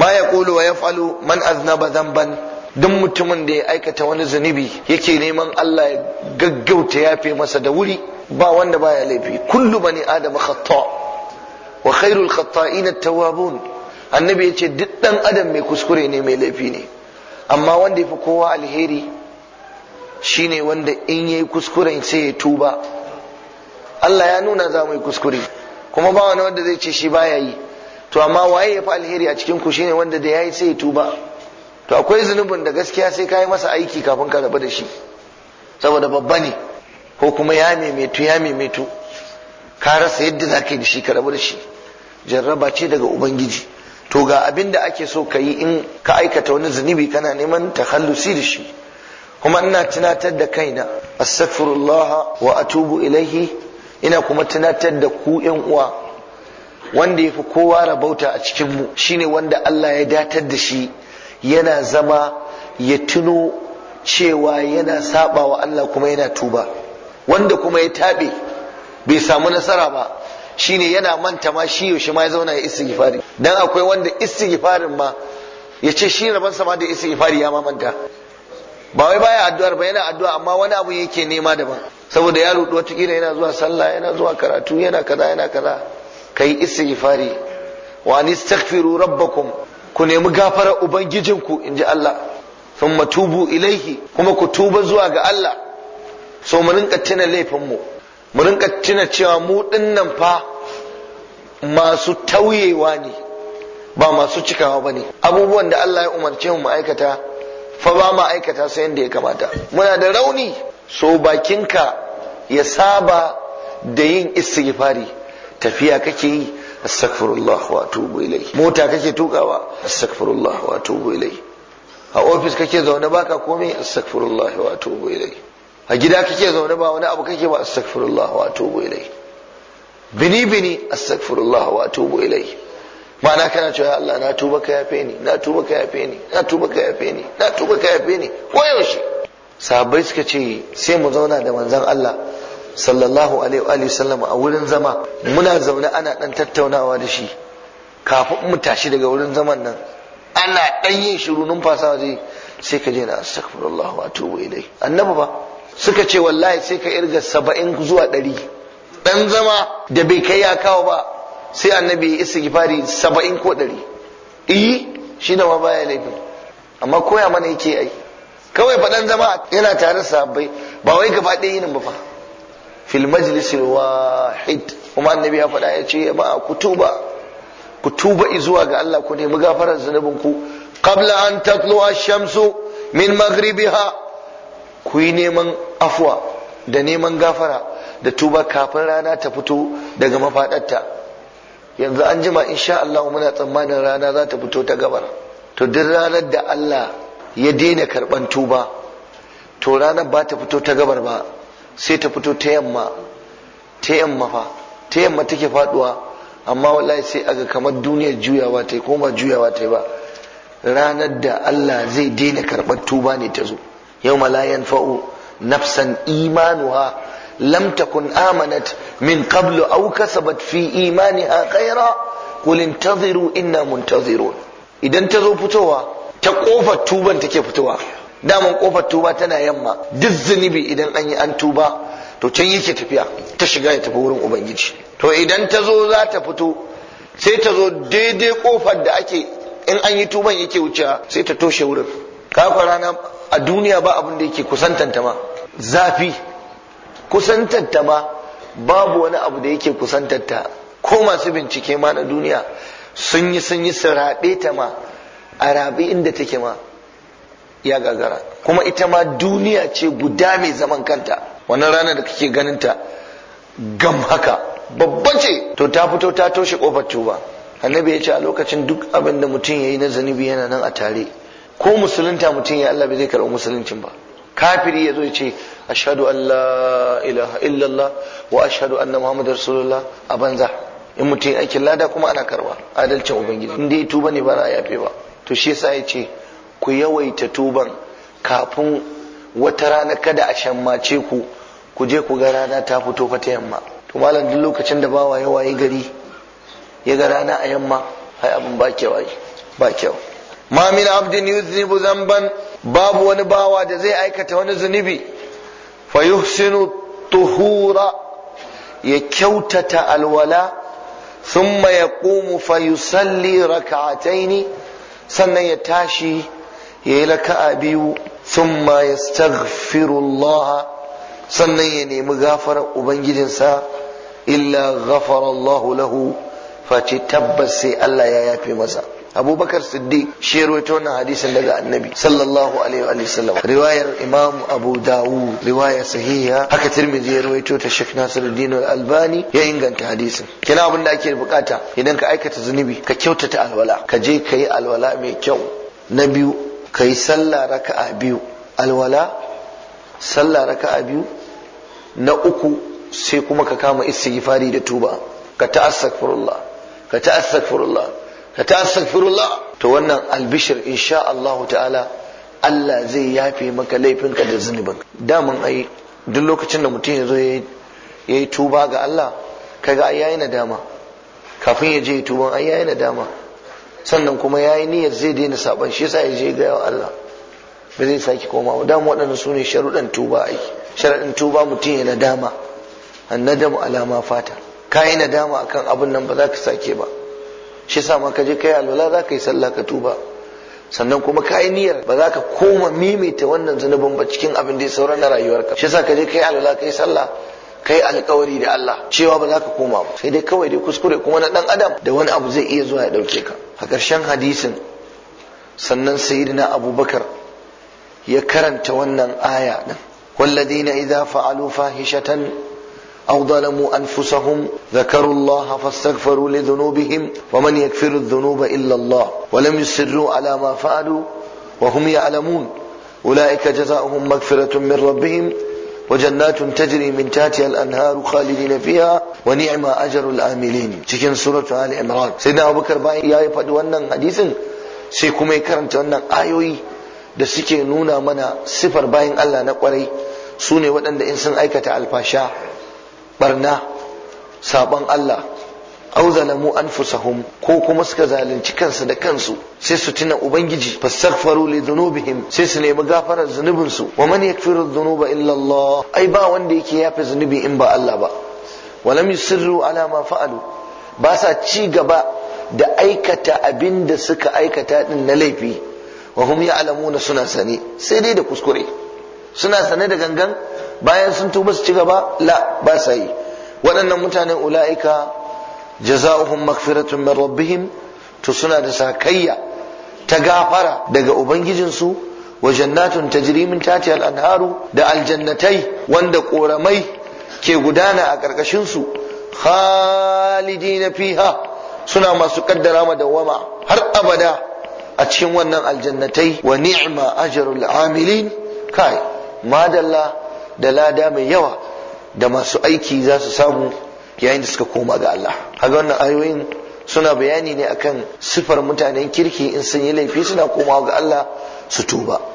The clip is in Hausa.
ma ya kulu wa ya falu man aznaba ban duk mutumin da ya aikata wani zunubi yake neman Allah ya gaggauta yafe masa da wuri ba wanda ba ya laifi kullu bani adam khatta wa khairul khata'in at-tawwabun annabi ce duk dan adam mai kuskure ne mai laifi ne amma wanda yafi kowa alheri shine wanda in yayi kuskure sai ya tuba Allah ya nuna za mu yi kuskure kuma ba wani wanda zai ce shi baya yi to amma waye ya fi alheri a cikin ku shine wanda da yayi sai ya tuba to akwai zunubin da gaskiya sai kai masa aiki kafin ka rabu da shi saboda babba ne ko kuma ya maimaitu ya maimaitu ka rasa yadda za ka da shi ka rabu da shi jarraba ce daga ubangiji to ga abin da ake so ka yi in ka aikata wani zunubi kana neman takhallusi da shi kuma ina tunatar da kaina astaghfirullah wa atubu ilaihi ina kuma tunatar da ku yan uwa wanda ya fi kowa rabauta a cikinmu shine wanda Allah ya datar da shi yana zama ya tuno cewa yana saba wa Allah kuma yana tuba wanda kuma ya taɓe bai samu nasara ba shine yana manta ma shi yaushe ma ya zauna ya istighfari dan akwai wanda istighfarin ma ya ce shi rabansa ma da istighfari ya ma manta ba wai baya addu'ar ba yana addu'a amma wani abu yake nema daban saboda ya rudu wata yana zuwa sallah yana zuwa karatu yana kaza yana kaza kai istighfari wa nastaghfiru rabbakum ku nemi gafarar ubangijinku inji Allah sun tubu ilaihi kuma ku tuba zuwa ga Allah so mu rinka tuna laifin mu mu rinka tuna cewa mu dinnan fa masu tauyewa ne ba masu cikawa bane abubuwan da Allah ya umarce mu aikata fa ba ma aikata sai yadda ya kamata muna da rauni so bakinka ya saba da yin istighfari tafiya kake yi astaghfirullah wa atubu ilai mota kake tukawa astaghfirullah wa atubu ilai a ofis kake zaune baka komai astaghfirullah wa atubu ilai a gida kake zaune ba wani abu kake ba astaghfirullah wa atubu ilai bini bini astaghfirullah wa atubu ilai ma'ana kana cewa ya Allah na tuba ka yafe ni na tuba ka yafe ni na tuba ka yafe ni na tuba ka yafe ni ko yaushe sahabbai suka ce sai mu zauna da manzon Allah sallallahu alaihi wa a wurin zama muna zaune ana dan tattaunawa da shi kafin mu tashi daga wurin zaman nan ana dan yin shiru numfasawa zai sai ka je na astaghfirullah wa atubu ilai annabi ba suka ce wallahi sai ka irga saba'in zuwa ɗari dan zama da bai kai ya kawo ba sai annabi ya istighfari saba'in ko ɗari eh shi da ma baya laifin amma koya mana yake ai kawai faɗan zama yana tare sahabbai ba wai gaba ɗaya yinin ba fa fil majlis wahid kuma annabi ya faɗa ya ce ba ku tuba ku tuba zuwa ga Allah ku nemi gafarar zunubin ku qabla an tatlu ash-shamsu min maghribiha ku yi neman afwa da neman gafara da tuba kafin rana ta fito daga mafadarta yanzu an jima insha Allah muna tsammanin rana za ta fito ta gabar to duk ranar da Allah ya daina karban tuba to ranar ba ta fito ta gabar ba sai ta fito ta yamma ta yamma fa ta yamma take faduwa amma wallahi sai aga kamar duniyar juyawa ta yi ko ba juyawa ta yi ba ranar da Allah zai daina karɓar tuba ne ta zo yau la fa'u, nafsan imanuha lam takun amanat min qablu aw kasabat fi imaniha khaira qul intaziru inna muntazirun idan ta zo fitowa ta kofar tuban take fitowa daman kofar tuba tana yamma duk zunubi idan an yi an tuba to can yake tafiya ta shiga ya tafi wurin ubangiji to idan ta zo za ta fito sai ta zo daidai kofar da ake in an yi tuban yake wucewa sai ta toshe wurin kafa rana a duniya ba abin da yake kusantanta ma zafi kusantanta ma babu wani abu da yake kusantanta ko masu bincike ma na duniya sun yi sun yi su raɓe ta ma a raɓe inda take ma ya gagara kuma ita ma duniya ce guda mai zaman kanta wannan ranar da kake ganin ta gam haka babba ce to ta fito ta toshe kofar tuba annabi ya ce a lokacin duk abin da mutum ya yi na zanibi yana nan a tare ko musulunta mutum ya Allah bai zai karɓi musuluncin ba kafiri yazo ya ce ashhadu an la ilaha illallah wa ashhadu anna muhammadar rasulullah a banza in mutum ya aikin lada kuma ana karba adalcin ubangiji in dai tuba ne ba a yafe ba to shi yasa ya ce ku yawaita tuban kafin wata rana kada a shammace ku ku je ku ga rana ta fito fa ta yamma to malam duk lokacin da bawa ya waye gari ya ga rana a yamma ai abin ba kyau ai ba kyau ma min abdin zamban babu wani bawa da zai aikata wani zunubi fa yuhsinu tuhura ya kyautata alwala thumma yaqumu fa yusalli rak'ataini sannan ya tashi Yayi yi biyu summa ya yastaghfirullah sannan ya nemi gafarar ubangijinsa illa ghafarallahu lahu face tabbas sai Allah ya yafe masa abubakar siddiq shi rawaito wannan hadisin daga annabi sallallahu alaihi wa sallam riwayar imam abu dawud riwaya sahiha haka tirmidhi ya rawaito ta shaykh Nasiru Dino albani ya inganta hadisin kina abin da ake bukata idan ka aikata zunubi ka kyautata alwala ka je ka yi alwala mai kyau na biyu kai sallah raka'a biyu alwala sallah raka'a biyu na uku sai kuma ka kama istighfari da tuba ka ta'astaghfirullah ka ta'astaghfirullah ka ta'astaghfirullah to wannan albishir insha Allah ta'ala Allah zai yafe maka laifinka da zunubin daman ai duk lokacin da mutum ya zo ya yi tuba ga Allah kaga ai yayi nadama kafin ya je tuban ai yayi nadama sannan kuma ya yi niyyar zai daina saban shi yasa ya je gaya wa Allah ba zai sake koma ba dama waɗannan su ne sharuɗan tuba aiki sharaɗin tuba mutum ya nadama annadamu alama fata ka yi nadama akan abin nan ba za ka sake ba shi sa ma ka je kai alwala za ka yi sallah ka tuba sannan kuma ka yi niyyar ba za ka koma mimita wannan zunubin ba cikin abin da ya saura na rayuwarka shi sa ka je kai alwala kai sallah kai alkawari da Allah cewa ba za ka koma ba sai dai kawai dai kuskure kuma na dan adam da wani abu zai iya zuwa ya dauke ka a ƙarshen hadisin sannan sayyidina abubakar ya karanta wannan aya ɗin walladina idza fa'alu fahishatan aw zalamu anfusahum dhakaru Allah fastaghfiru li dhunubihim wa man yaghfiru dhunuba illa Allah wa lam yusirru ala ma fa'alu wa hum ya'lamun ulaika jazaohum magfiratun min rabbihim وجنات تجري من تحتها الانهار خالدين فيها ونعم اجر العاملين cikin suratu ali imran sayyidina abubakar bayan yayi faɗi wannan hadisin sai kuma ya karanta wannan ayoyi da suke nuna mana sifar bayan Allah na kwarai su ne waɗanda in sun aikata alfasha barna saban Allah aw zalamu anfusahum ko kuma suka zalunci kansu da kansu sai su tuna ubangiji fastaghfaru li dhunubihim sai su nemi gafarar zunubin su wa man yakfiru dhunuba illa Allah ai ba wanda yake yafe zunubi in ba Allah ba walam yusirru ala ma fa'alu ba sa ci gaba da aikata abinda suka aikata din na laifi wa hum ya'lamuna suna sani sai dai da kuskure suna sane da gangan bayan sun tuba su ci gaba la ba sa yi waɗannan mutanen ula'ika jaza'uhum maghfiratun min rabbihim to suna da sakayya ta gafara daga ubangijinsu wa jannatun tajri min tahtiha al-anharu da aljannatai wanda koramai ke gudana a karkashin su khalidina fiha suna masu kaddara ma har abada a cikin wannan aljannatai wa ni'ma ajrul amilin kai madalla da lada mai yawa da masu aiki za su samu yayin da suka koma ga Allah kaga wannan ayoyin suna bayani ne akan sifar mutanen kirki in sun yi laifi suna komawa ga Allah su tuba